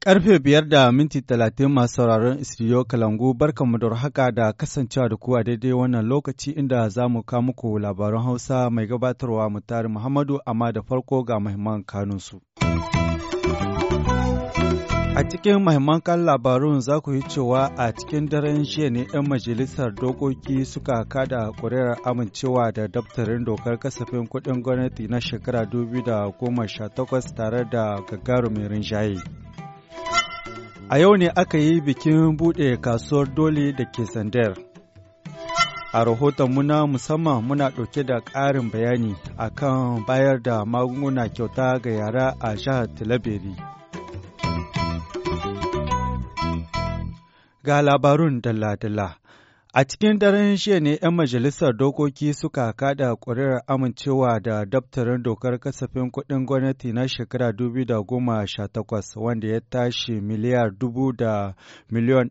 Karfe biyar da minti talatin masu sauraron studio Kalangu barkanmu da haka da kasancewa da kuwa daidai wannan lokaci inda za mu kawo muku labaran Hausa mai gabatarwa mutari Muhammadu amma da farko ga muhimman kanunsu. su. A cikin mahimman labarun za ku yi cewa a cikin daren jiya ne 'yan majalisar dokoki suka kada kuri'ar amincewa da daftarin dokar kasafin kudin gwamnati na shekara 2018 tare da gagarumin rinjaye. A yau ne aka yi bikin buɗe kasuwar dole da ke sandar. A rahoton muna musamman muna ɗauke da ƙarin bayani akan bayar da magunguna kyauta ga yara a jihar Tilaberi. Ga labarun dalla-dalla. A cikin daren shiya ne 'yan majalisar dokoki suka kada ƙuri'ar amincewa da daftarin dokar kasafin kuɗin gwamnati na shekara 2018 wanda ya tashi miliyar dubu da miliyon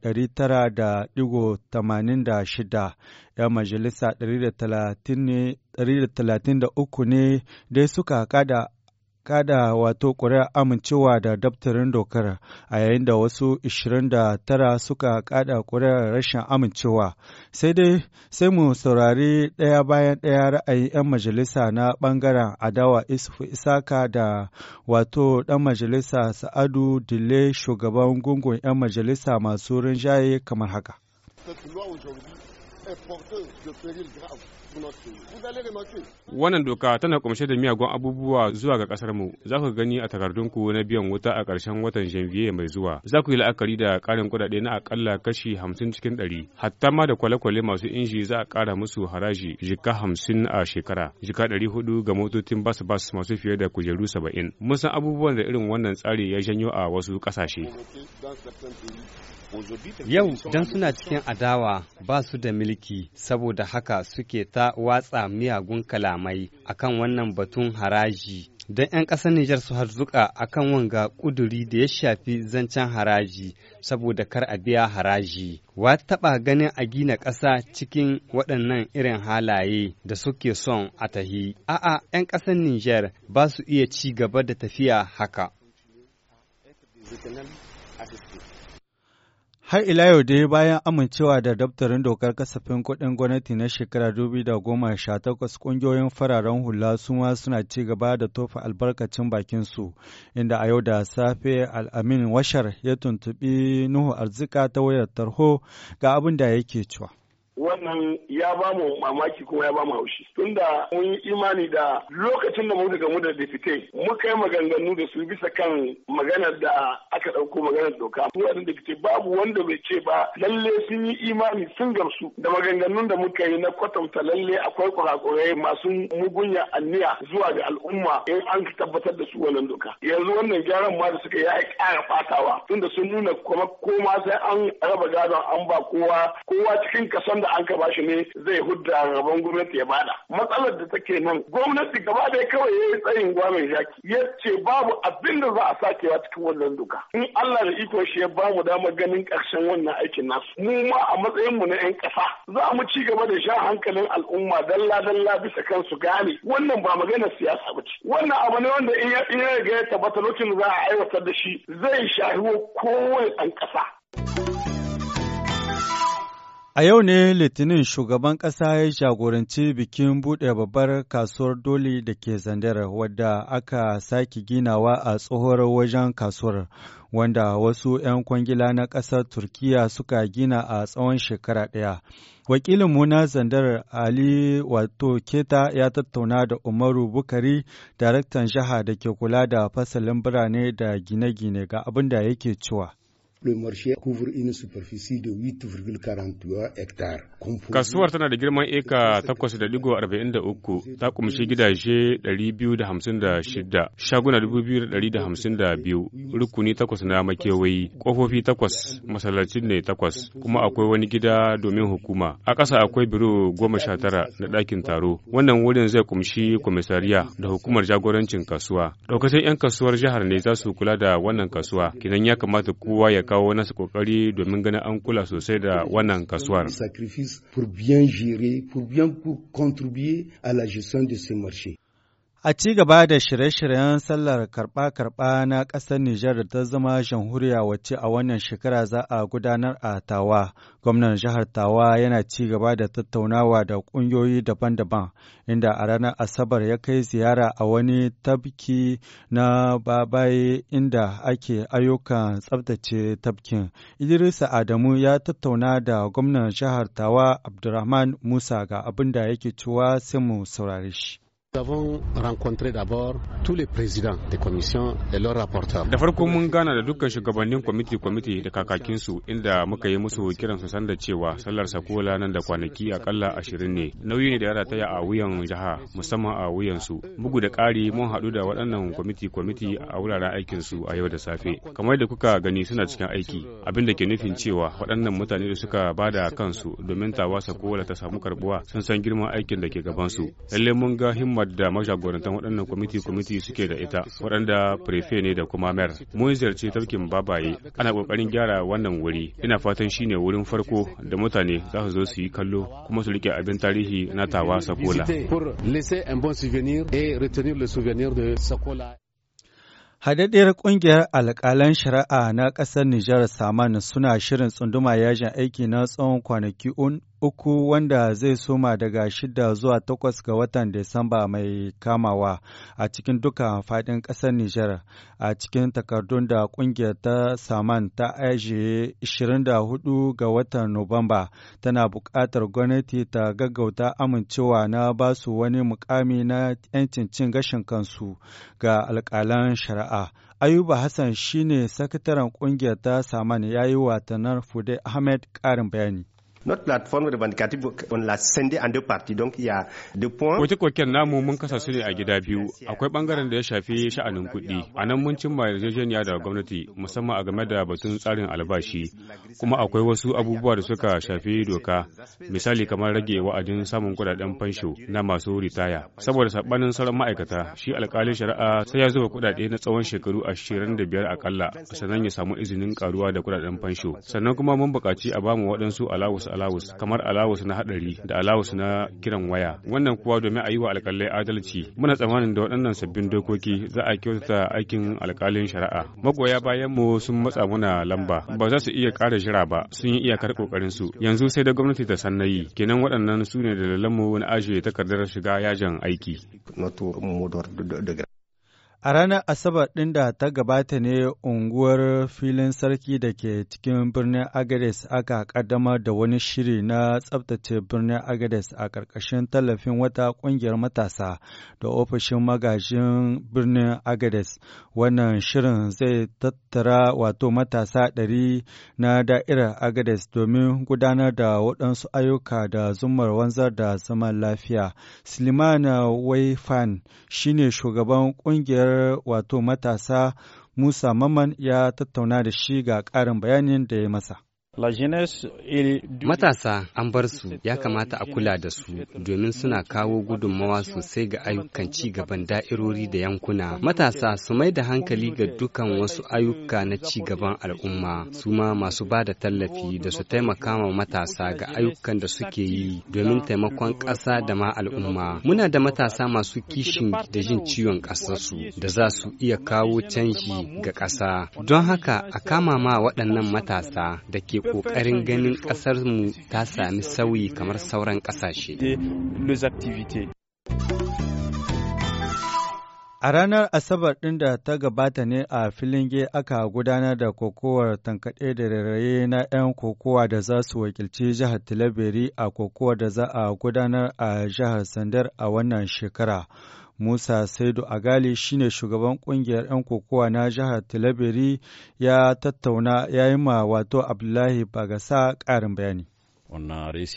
shida 'Yan majalisa 133 ne dai suka kada kada wato ƙuri'a amincewa da daftarin dokar a yayin da wasu 29 suka kada ƙuri'a rashin amincewa sai dai sai mu saurari ɗaya bayan ɗaya ra'ayin 'yan majalisa na ɓangaren adawa isufu isaka da wato ɗan majalisa sa'adu dile shugaban gungun 'yan majalisa masu rinjaye kamar haka. Wannan doka tana kumshe da miyagun abubuwa zuwa ga kasar mu. Za ku gani a takardunku na biyan wuta a ƙarshen watan Janvier mai zuwa. Za ku yi la'akari da ƙarin kuɗaɗe na akalla kashi hamsin cikin ɗari. Hatta ma da kwale-kwale masu inji za a ƙara musu haraji jika hamsin a shekara. Jika ɗari hudu ga motocin bas-bas masu fiye da kujeru saba'in. Mun san abubuwan da irin wannan tsari ya janyo a wasu ƙasashe. Yau don suna cikin adawa ba su da milki saboda haka suke ta watsa miyagun kalamai akan wannan batun haraji. Don 'yan ƙasar Nijar su harzuka akan wanga ƙuduri da ya shafi zancen haraji saboda kar a biya haraji. Wa taɓa ganin a gina ƙasa cikin waɗannan irin halaye da suke son a tahi. A'a, 'yan ƙasar Nijar ba su iya ci gaba da tafiya haka. Har ila yau dai bayan amincewa da daftarin dokar kasafin kuɗin gwamnati na shekara takwas ƙungiyoyin fararen hula suma suna ci gaba da tofa albarkacin bakinsu, inda a yau da safe al'amin washar ya tuntuɓi Nuhu arzika ta wayar tarho ga abin da yake cewa. wannan ya ba mu mamaki kuma ya ba mu haushi tunda mun yi imani da lokacin da daga mu da dafite muka yi maganganu da su bisa kan maganar da aka ɗauko maganar doka da dafite babu wanda bai ce ba lalle sun yi imani sun gamsu da maganganun da muka yi na kwatanta lalle akwai kurakurai masu mugunya anniya zuwa ga al'umma in an tabbatar da su wannan doka yanzu wannan gyaran ma da suka yi ya ƙara fatawa tunda sun nuna kuma koma sai an raba gadon an ba kowa kowa cikin kasan da an ka bashi ne zai hudda rabon gwamnati ya bada matsalar da take nan gwamnati gaba da kawai ya yi tsayin gwamin jaki ya ce babu abin da za a wa cikin wannan doka in Allah da iko shi ya bamu damar ganin ƙarshen wannan aikin nasu mu ma a matsayin mu na 'yan ƙasa za mu ci gaba da shan hankalin al'umma dalla dalla bisa kansu gane wannan ba maganar siyasa ba ce wannan abu ne wanda in ya ga ya tabbata lokacin za a aiwatar da shi zai shahi kowane ɗan ƙasa. A yau ne Litinin shugaban ƙasa ya jagoranci bikin buɗe babbar kasuwar doli da ke zandar wadda aka sake ginawa a tsohuwar wajen kasuwar wanda wasu 'yan kwangila na ƙasar Turkiyya suka gina a tsawon shekara ɗaya. Wakilin Muna zandar Ali Wato Keta ya tattauna da Umaru Bukari, daraktan jiha da ke kula da fasalin birane da gine-gine ga abin da yake cewa. Le marché couvre une superficie de 8,43 hectares. Kasuwar tana da girman eka 8.43 ta kumshi gidaje 256, shaguna biyu rukuni takwas na makewayi, kofofi takwas, masallaci ne takwas, kuma akwai wani gida domin hukuma. A ƙasa akwai biro goma sha tara na ɗakin taro. Wannan wurin zai kumshi komisariya da hukumar jagorancin kasuwa. Ɗaukacin 'yan kasuwar jihar ne za su kula da wannan kasuwa, kinan ya kamata kowa ya kawo nasu kokari domin ganin an kula sosai da wannan kasuwar. Sacrifice pour bien gérer, pour bien contribuer à la gestion de ce marché. A ci gaba da shirye-shiryen sallar karɓa-karɓa na ƙasar Nijar ta zama jamhuriya wacce a wannan shekara za a gudanar a Tawa. Gwamnan jihar Tawa yana ci gaba da tattaunawa da ƙungiyoyi daban-daban, inda a ranar Asabar ya kai ziyara a wani tabki na babaye inda ake ayyukan tsabtace tabkin. Idrisa Adamu ya tattauna da gwamnan jihar Tawa Abdurrahman Musa ga abin da yake cewa sai mu saurare shi. Nous avons rencontré d'abord tous les présidents des commissions et leurs rapporteurs. Da farko mun gana da dukkan shugabannin kwamiti-kwamiti da kakakin su inda muka yi musu kiran su sanda cewa sallar sakola nan da kwanaki a akalla ashirin ne. Nauyi ne da yara taya a wuyan jiha musamman a wuyan su. Bugu da ƙari mun haɗu da waɗannan kwamiti-kwamiti a wuraren aikin su a yau da safe. Kamar da kuka gani suna cikin aiki abin da ke nufin cewa waɗannan mutane da suka bada kansu domin tawa sakola ta samu karbuwa sun san girman aikin da ke gaban su Lallai mun ga himma da mashagorantar waɗannan kwamiti-kwamiti suke da ita waɗanda prefe ne da kuma mayar. Mun ziyarci tafkin babaye ana ƙoƙarin gyara wannan wuri. Ina fatan shi ne wurin farko da mutane za su zo su yi kallo kuma su riƙe abin tarihi na tawa Sakola. Hadaddiyar ƙungiyar alƙalan shari'a na ƙasar Nijar Saman suna shirin tsunduma yajin aiki na tsawon kwanaki uku wanda zai soma daga shida zuwa takwas ga watan Disamba mai kamawa a cikin duka faɗin ƙasar Nijar a cikin takardun da ƙungiyar ta saman ta ajiye 24 ga watan Nuwamba tana buƙatar gwamnati ta gaggauta amincewa na basu wani mukami na 'yancin cin gashin kansu ga alƙalan shari'a. Ayuba Hassan shine sakataren ƙungiyar ta saman ya yi watanar Fude Ahmed ƙarin bayani. Notre plateforme revendicative, on l'a scindée en deux parties. Donc, il y a deux points. Koke-koken namu mun kasa su ne a gida biyu. Akwai bangaren da ya shafi sha'anin kuɗi. A nan mun cimma yarjejeniya da gwamnati musamman a game da batun tsarin albashi. Kuma akwai wasu abubuwa da suka shafi doka. Misali kamar rage wa'adin samun kuɗaɗen fansho na masu ritaya. Saboda saɓanin sauran ma'aikata, shi alƙalin shari'a sai ya zuba kuɗaɗe na tsawon shekaru ashirin da biyar aƙalla sannan ya samu izinin karuwa da kuɗaɗen fansho. Sannan kuma mun buƙaci a bamu waɗansu alawus alawus kamar alawus na hadari da alawus na kiran waya wannan kuwa domin a yi wa alkalai adalci muna tsammanin da waɗannan sabbin dokoki za a kyautata aikin alkalin shari'a magoya bayan mu sun matsa muna lamba ba za su iya ƙara jira ba sun yi iyakar kokarin su yanzu sai da gwamnati ta san nayi kenan waɗannan su ne da lalamu na ajiye takardar shiga yajin aiki A ranar Asabar ɗin da ta gabata ne unguwar filin sarki da ke cikin birnin Agades aka ƙaddamar da wani shiri na tsabtace birnin Agades a ƙarƙashin tallafin wata ƙungiyar matasa da ofishin magajin birnin Agades. Wannan shirin zai tattara wato matasa ɗari na da'irar Agades domin gudanar da waɗansu ayyuka da zumar wanzar da zaman lafiya. Slimana Waifan shine shugaban ƙungiyar wato matasa Musa Maman ya tattauna da shi ga ƙarin bayanin da ya masa. Matasa an bar su ya euh, kamata a kula da su domin suna kawo gudunmawa sosai ga ayyukan ci gaban da'irori da yankuna. Matasa su mai da hankali ga dukan wasu ayyuka na ci gaban al'umma su ma masu ba da tallafi da su taimaka ma matasa ga ayyukan da suke yi domin taimakon ƙasa da ma al'umma. Muna da matasa masu kishin da jin ciwon ƙasarsu da za su iya kawo canji ga ƙasa. Don haka a kama ma euh, waɗannan matasa da ke ƙoƙarin ganin mu ta sami sauyi kamar sauran ƙasashe. A ranar Asabar ɗin da ta gabata ne a filin Filinge aka gudanar da kokowar tankaɗe da rairaye na 'yan kokowa da za su wakilci jihar Tilaberi a kokowar da za a gudanar a jihar Sandar a wannan shekara. Musa Saidu Agali shine shugaban kungiyar 'yan kokowa na jihar Tilaberi ya tattauna ya yi ma wato Abdullahi Bagasa ƙarin bayani.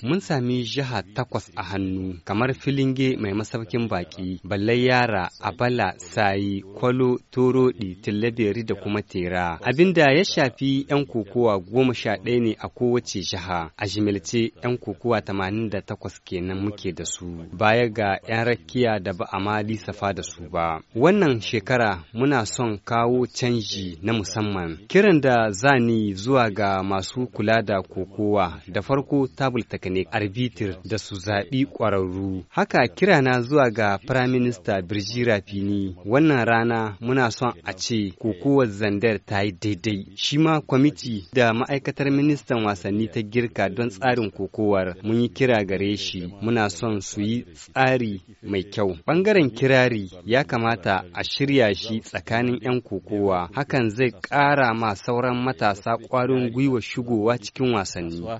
Mun sami jiha takwas a hannu kamar filinge mai masaukin baki, balle yara, abala, sayi, kwalo, toroɗi, tillaberi da kuma tera. Abinda ya shafi 'yan kokowa goma sha ɗaya ne a kowace jiha, a jimilce 'yan kokowa tamanin da takwas kenan muke da su, baya ga 'yan rakiya da ba a ma lissafa da su ba. Wannan shekara muna son kawo canji na musamman. Kiran da ni zuwa ga masu kula da kokowa da farko ko tabul ne arbitir da su zaɓi ƙwararru. Haka kirana zuwa ga Prime Minister Birjira Fini wannan rana muna son a ce kokowar zandar ta yi daidai. Shi ma kwamiti da ma'aikatar ministan wasanni ta girka don tsarin kokowar mun yi kira gare shi muna son su yi tsari mai kyau. ɓangaren kirari ya kamata a shirya shi tsakanin 'yan kokowa hakan zai ƙara ma sauran matasa ƙwarin gwiwa shigowa cikin wasanni.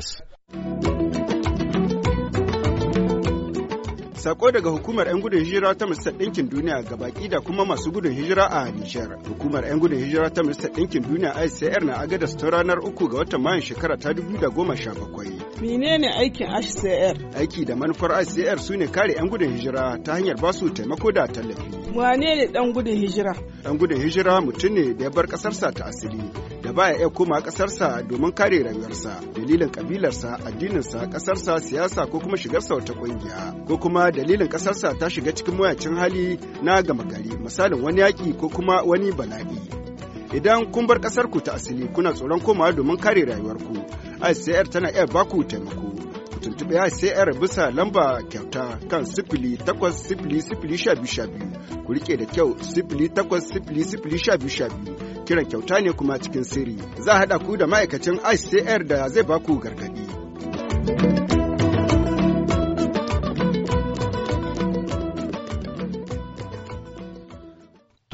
Saƙo sako daga hukumar 'yan gudun hijira ta Majalisar Ɗinkin Duniya ga baki da kuma masu gudun hijira a Nijar. Hukumar 'yan gudun hijira ta Majalisar Ɗinkin Duniya ICR na agada ta ranar uku ga watan Mayun shekara ta da goma sha bakwai. Menene aikin ICR? Aiki da manufar ICR su ne kare 'yan gudun hijira ta hanyar basu taimako da tallafi. wane ne dan gudun hijira dan gudun hijira mutum ne da ya bar kasarsa ta asiri da baya iya koma kasarsa domin kare rayuwarsa dalilin kabilarsa addininsa kasarsa siyasa ko kuma shigarsa wata kungiya ko kuma dalilin kasarsa ta shiga cikin mayacin hali na gama gari misalin wani yaki ko kuma wani bala'i idan kun bar kasarku ta asili kuna tsoron komawa domin kare rayuwarku ICR tana iya baku taimako ku sai ICR bisa lamba kyauta kan sifili takwas sifili sifili sha biyu sha biyu ku rike da kyau sifili takwas sifili sifili sha biyu sha biyu kiran kyauta ne kuma cikin sirri za a haɗa ku da ma'aikacin ICR da zai baku gargaɗi.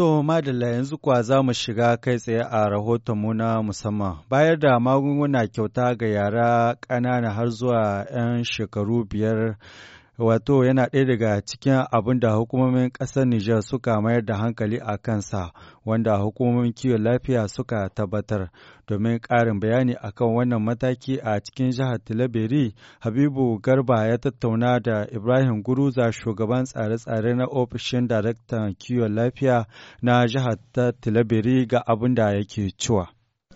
To, madalla yanzu kuwa za mu shiga kai tsaye a rahotonmu na musamman. Bayar da magunguna kyauta ga yara ƙanana har zuwa 'yan shekaru biyar wato yana ɗaya daga cikin abin da hukumomin ƙasar Nijar suka mayar da hankali a kansa wanda hukumomin kiwon lafiya suka tabbatar. Domin ƙarin bayani akan wannan mataki a cikin jihar Tilaberi, Habibu Garba ya tattauna da Ibrahim Guruza shugaban tsare-tsare na ofishin daraktan kiwon lafiya na jihar ta Tilaberi ga abin da yake cewa.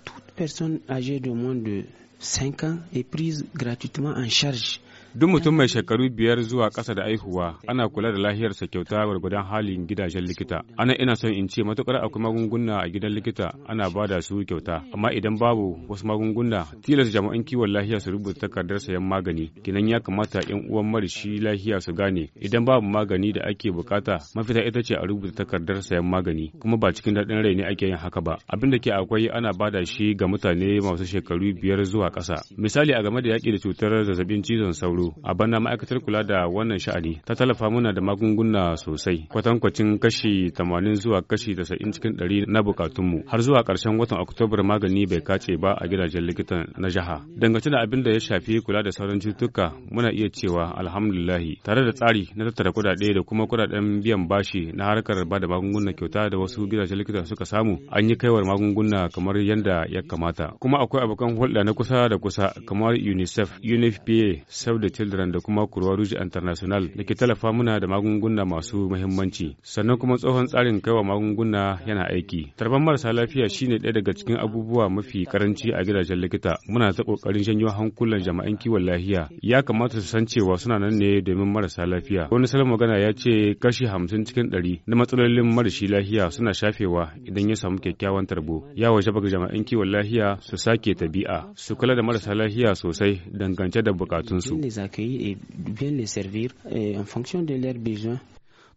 Toute personne âgée de moins de 5 ans est prise gratuitement en charge Duk mutum mai shekaru biyar zuwa ƙasa da aihuwa ana kula da lahiyarsa kyauta gwargwadon halin gidajen likita. Ana ina son in ce matukar akwai magunguna a gidan likita ana ba da su kyauta, amma idan babu wasu magunguna tilas jami'an kiwon lahiya su rubuta takardar sayan magani. Kinan ya kamata 'yan uwan marishi lahiya su gane idan babu magani da ake bukata mafita ita ce a rubuta takardar sayan magani kuma ba cikin daɗin rai ne ake yin haka ba. Abin da ke akwai ana ba da shi ga mutane masu shekaru biyar zuwa ƙasa. Misali a game da yaƙi da cutar zazzabin cizon sauro tsaro a bana ma'aikatar kula da wannan sha'ani ta tallafa muna da magunguna sosai kwatankwacin kashi 80 zuwa kashi 90 cikin ɗari na bukatunmu har zuwa ƙarshen watan oktobar magani bai kace ba a gidajen likitan na jiha dangance da abin da ya shafi kula da sauran cututtuka muna iya cewa alhamdulillahi tare da tsari na tattara kuɗaɗe da kuma kuɗaɗen biyan bashi na harkar ba da magunguna kyauta da wasu gidajen likita suka samu an yi kaiwar magunguna kamar yadda ya kamata kuma akwai abokan hulɗa na kusa da kusa kamar unicef unfpa save the Children da kuma Kurwa International da ke tallafa muna da magunguna masu muhimmanci. Sannan kuma tsohon tsarin kaiwa magunguna yana aiki. Tarban marasa lafiya shine ɗaya daga cikin abubuwa mafi karanci a gidajen likita. Muna ta ƙoƙarin janyo hankulan jama'an kiwon lafiya. Ya kamata su san cewa suna nan ne domin marasa lafiya. Wani salon magana ya ce kashi hamsin cikin ɗari na matsalolin marashi lafiya suna shafewa idan ya samu kyakkyawan tarbo. Ya waje ga jama'an kiwon lafiya su sake tabi'a, su kula da marasa lafiya sosai dangance da bukatunsu. accueillir et bien les servir eh, en fonction de leurs besoins.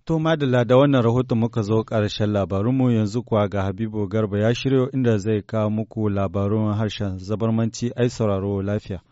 To madalla da wannan rahoton muka zo ƙarshen labarunmu yanzu kuwa ga Habibu Garba ya shiryo inda zai kawo muku labarun harshen zabarmanci ai sauraro lafiya.